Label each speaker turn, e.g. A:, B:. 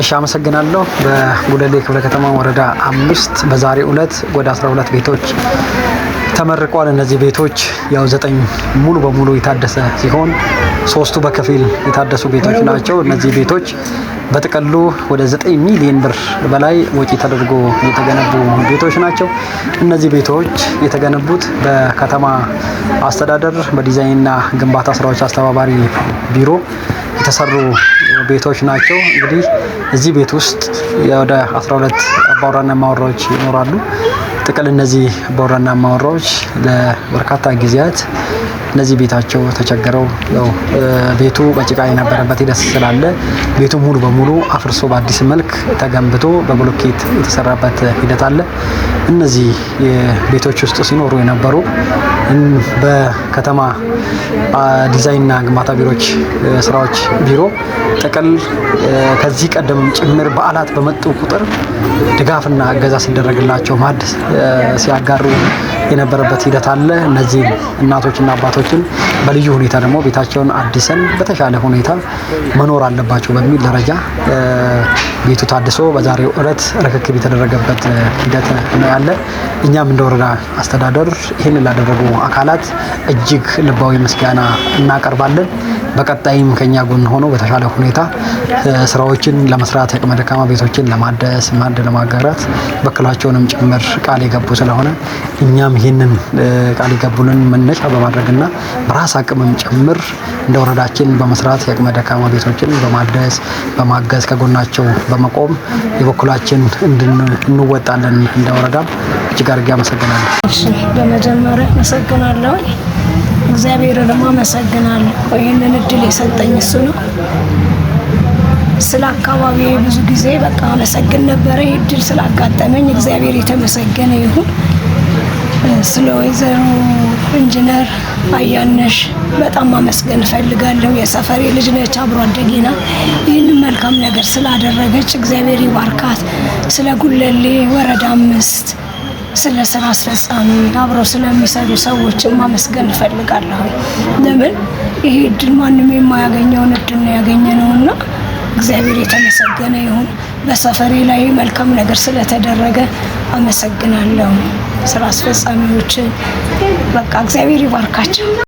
A: እሺ አመሰግናለሁ። በጉለሌ ክፍለ ከተማ ወረዳ አምስት በዛሬ ዕለት ወደ 12 ቤቶች ተመርቋል። እነዚህ ቤቶች ያው ዘጠኝ ሙሉ በሙሉ የታደሰ ሲሆን ሶስቱ በከፊል የታደሱ ቤቶች ናቸው። እነዚህ ቤቶች በጥቅሉ ወደ 9 ሚሊዮን ብር በላይ ወጪ ተደርጎ የተገነቡ ቤቶች ናቸው። እነዚህ ቤቶች የተገነቡት በከተማ አስተዳደር በዲዛይንና ግንባታ ስራዎች አስተባባሪ ቢሮ የተሰሩ ቤቶች ናቸው። እንግዲህ እዚህ ቤት ውስጥ ወደ 12 አባወራና እማወራዎች ይኖራሉ። ጥቅል እነዚህ አባወራና እማወራዎች ለበርካታ ጊዜያት እነዚህ ቤታቸው ተቸግረው ያው ቤቱ በጭቃ የነበረበት ሂደት ስላለ ቤቱ ሙሉ በሙሉ አፍርሶ በአዲስ መልክ ተገንብቶ በብሎኬት የተሰራበት ሂደት አለ። እነዚህ ቤቶች ውስጥ ሲኖሩ የነበሩ በከተማ ዲዛይንና ግንባታ ቢሮዎች ስራዎች ቢሮ ጥቅል ከዚህ ቀደም ጭምር በዓላት በመጡ ቁጥር ድጋፍና እገዛ ሲደረግላቸው ማድ ሲያጋሩ የነበረበት ሂደት አለ። እነዚህ እናቶችና አባቶችን በልዩ ሁኔታ ደግሞ ቤታቸውን አድሰን በተሻለ ሁኔታ መኖር አለባቸው በሚል ደረጃ ቤቱ ታድሶ በዛሬው እለት ርክክብ የተደረገበት ሂደት ነው ያለ። እኛም እንደ ወረዳ አስተዳደር ይህንን ላደረጉ አካላት እጅግ ልባዊ ምስጋና እናቀርባለን። በቀጣይም ከኛ ጎን ሆኖ በተሻለ ሁኔታ ስራዎችን ለመስራት አቅመ ደካማ ቤቶችን ለማደስ ማድ ለማጋራት በኩላቸውንም ጭምር ቃል የገቡ ስለሆነ እኛም ይህንን ቃል የገቡልን መነሻ በማድረግና በራስ አቅምም ጭምር እንደ ወረዳችን በመስራት የአቅመ ደካማ ቤቶችን በማደስ በማገዝ ከጎናቸው በመቆም የበኩላችን እንወጣለን እንደ ወረዳም እጅግ አድርጌ አመሰግናለሁ። እሺ
B: በመጀመሪያ አመሰግናለሁ። እግዚአብሔር ደግሞ አመሰግናለሁ። ይህንን እድል የሰጠኝ እሱ ነው። ስለ አካባቢ ብዙ ጊዜ በቃ አመሰግን ነበረ። ይህ እድል ስላጋጠመኝ እግዚአብሔር የተመሰገነ ይሁን። ስለ ወይዘሮ ኢንጂነር አያነሽ በጣም አመስገን እፈልጋለሁ። የሰፈሬ ልጅ ነች፣ አብሮ አደጌና ይህንን መልካም ነገር ስላደረገች እግዚአብሔር ይባርካት። ስለ ጉለሌ ወረዳ አምስት ስለ ስራ አስፈጻሚ አብረው ስለሚሰሩ ሰዎችን ማመስገን እፈልጋለሁ። ለምን ይሄ እድል ማንም የማያገኘውን እድል ነው ያገኘ ነው እና እግዚአብሔር የተመሰገነ ይሁን። በሰፈሬ ላይ መልካም ነገር ስለተደረገ አመሰግናለሁ። ስራ አስፈጻሚዎችን በቃ እግዚአብሔር ይባርካቸው።